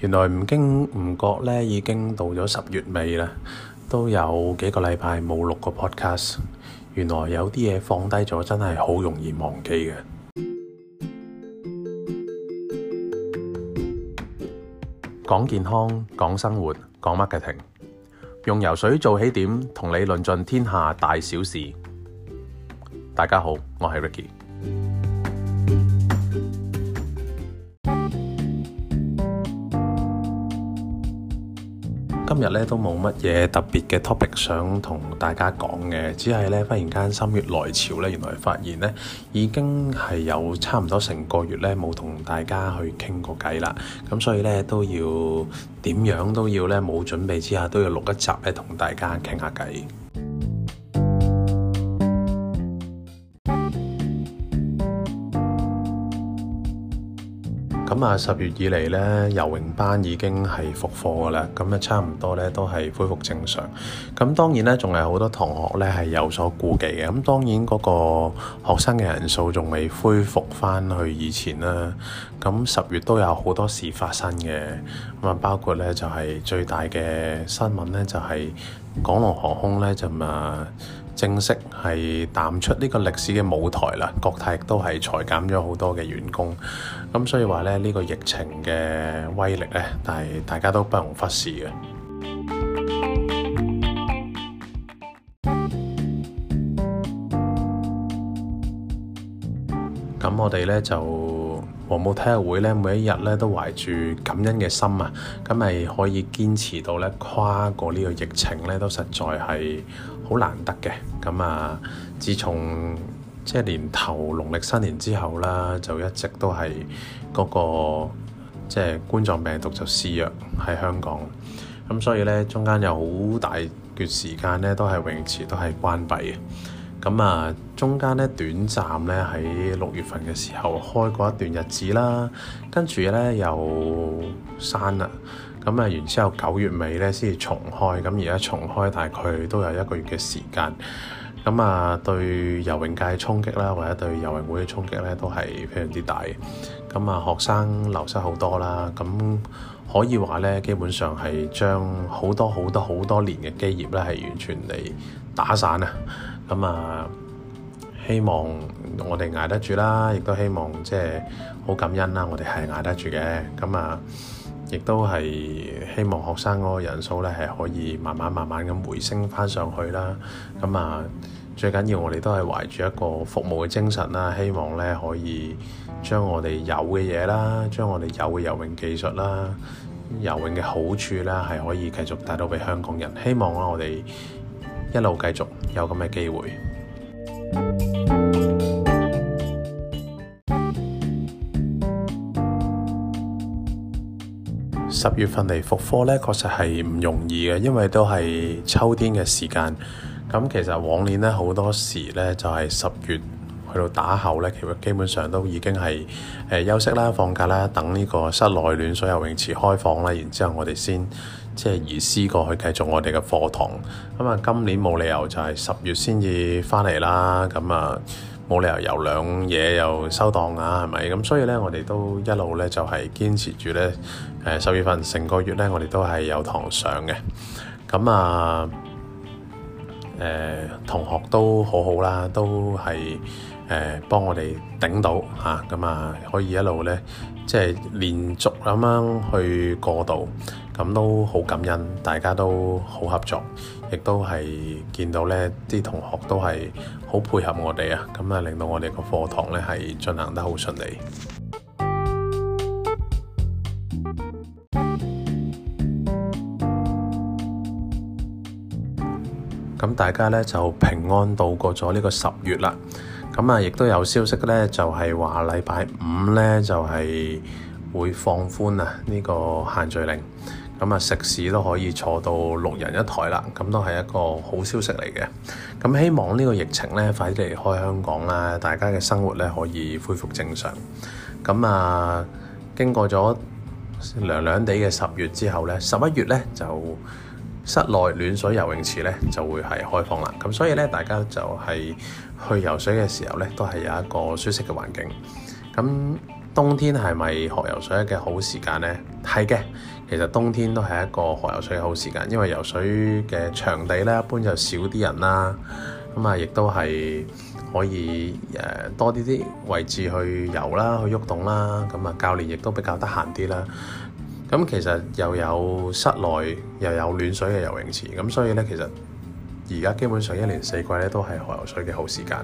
原來唔經唔覺呢已經到咗十月尾啦，都有幾個禮拜冇錄個 podcast。原來有啲嘢放低咗，真係好容易忘記嘅。講健康，講生活，講 marketing，用游水做起點，同你論盡天下大小事。大家好，我係 Ricky。今日咧都冇乜嘢特別嘅 topic 想同大家講嘅，只係咧忽然間心血來潮咧，原來發現咧已經係有差唔多成個月咧冇同大家去傾過偈啦。咁所以咧都要點樣都要咧冇準備之下都要錄一集咧同大家傾下偈。咁啊，十月以嚟咧，游泳班已經係復課㗎啦。咁啊，差唔多咧都係恢復正常。咁當然咧，仲係好多同學咧係有所顧忌嘅。咁當然嗰個學生嘅人數仲未恢復翻去以前啦。咁十月都有好多事發生嘅，咁啊，包括咧就係最大嘅新聞咧就係港龍航空咧就啊。正式係淡出呢個歷史嘅舞台啦，國泰亦都係裁減咗好多嘅員工，咁所以話咧，呢個疫情嘅威力咧，但係大家都不容忽視嘅。咁 我哋咧就黃埔體育會咧，每一日咧都懷住感恩嘅心啊，咁係可以堅持到咧跨過呢個疫情咧，都實在係，好難得嘅，咁啊，自從即係、就是、年頭農曆新年之後啦，就一直都係嗰、那個即係、就是、冠狀病毒就肆虐喺香港，咁所以呢，中間有好大段時間呢，都係泳池都係關閉嘅，咁啊中間呢，短暫呢，喺六月份嘅時候開過一段日子啦，跟住呢又閂啦。咁啊，然之後九月尾咧先至重開，咁而家重開大概都有一個月嘅時間。咁啊，對游泳界衝擊啦，或者對游泳會嘅衝擊咧，都係非常之大。咁啊，學生流失好多啦。咁可以話咧，基本上係將好多好多好多年嘅基業咧，係完全嚟打散啊。咁啊，希望我哋捱得住啦，亦都希望即係好感恩啦。我哋係捱得住嘅。咁啊。亦都係希望學生嗰個人數咧係可以慢慢慢慢咁回升翻上去啦。咁啊，最緊要我哋都係懷住一個服務嘅精神啦，希望咧可以將我哋有嘅嘢啦，將我哋有嘅游泳技術啦、游泳嘅好處啦，係可以繼續帶到俾香港人。希望啊，我哋一路繼續有咁嘅機會。十月份嚟復課呢，確實係唔容易嘅，因為都係秋天嘅時間。咁其實往年呢，好多時呢就係、是、十月去到打後呢，其實基本上都已經係誒休息啦、放假啦，等呢個室內暖水游泳池開放啦。然後之後我哋先即係移師過去繼續我哋嘅課堂。咁啊，今年冇理由就係十月先至翻嚟啦。咁啊。冇理由有兩嘢又收檔啊，係咪？咁所以咧，我哋都一路咧就係堅持住咧。誒，十月份成個月咧，我哋都係有堂上嘅。咁啊，誒同學都好好啦，都係誒幫我哋頂到吓。咁啊，可以一路咧即係連續噉樣去過渡。咁都好感恩，大家都好合作，亦都係見到呢啲同學都係好配合我哋啊！咁啊，令到我哋個課堂呢係進行得好順利。咁 大家呢就平安度過咗呢個十月啦。咁啊，亦都有消息呢，就係話禮拜五呢就係會放寬啊呢個限聚令。咁啊，食肆都可以坐到六人一台啦，咁都係一個好消息嚟嘅。咁希望呢個疫情呢，快啲離開香港啦，大家嘅生活呢可以恢復正常。咁、嗯、啊，經過咗涼涼地嘅十月之後呢，十一月呢，就室內暖水游泳池呢就會係開放啦。咁、嗯、所以呢，大家就係去游水嘅時候呢，都係有一個舒適嘅環境。咁、嗯冬天係咪學游水嘅好時間呢？係嘅，其實冬天都係一個學游水嘅好時間，因為游水嘅場地咧一般就少啲人啦。咁啊，亦都係可以誒多啲啲位置去游啦，去喐動啦。咁啊，教練亦都比較得閒啲啦。咁其實又有室內又有暖水嘅游泳池，咁所以咧，其實而家基本上一年四季咧都係學游水嘅好時間。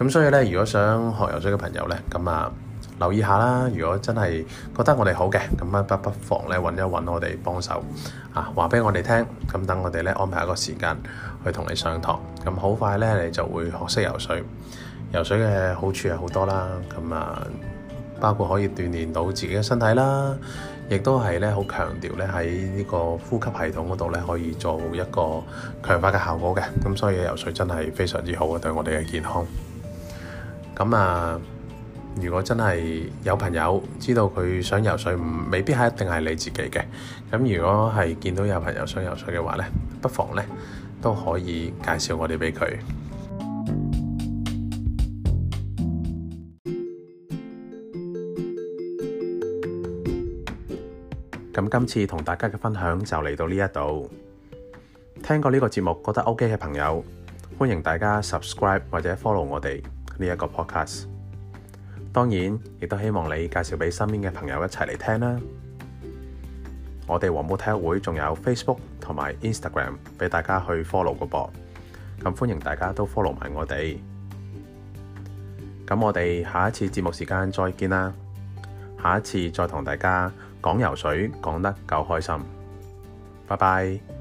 咁所以咧，如果想學游水嘅朋友咧，咁啊～留意下啦，如果真係覺得我哋好嘅，咁不不妨咧揾一揾我哋幫手啊，話俾我哋聽，咁等我哋咧安排一個時間去同你上堂。咁好快咧，你就會學識游水。游水嘅好處係好多啦，咁啊，包括可以鍛煉到自己嘅身體啦，亦都係咧好強調咧喺呢個呼吸系統嗰度咧可以做一個強化嘅效果嘅。咁所以游水真係非常之好嘅，對我哋嘅健康。咁啊～如果真係有朋友知道佢想游水，唔未必係一定係你自己嘅。咁如果係見到有朋友想游水嘅話，呢不妨呢都可以介紹我哋俾佢。咁今次同大家嘅分享就嚟到呢一度。聽過呢個節目覺得 OK 嘅朋友，歡迎大家 subscribe 或者 follow 我哋呢一個 podcast。當然，亦都希望你介紹俾身邊嘅朋友一齊嚟聽啦。 我哋黃埔體育會仲有 Facebook 同埋 Instagram 俾大家去 follow 個噃，咁歡迎大家都 follow 埋我哋。咁我哋下一次節目時間再見啦，下一次再同大家講游水講得夠開心，拜拜。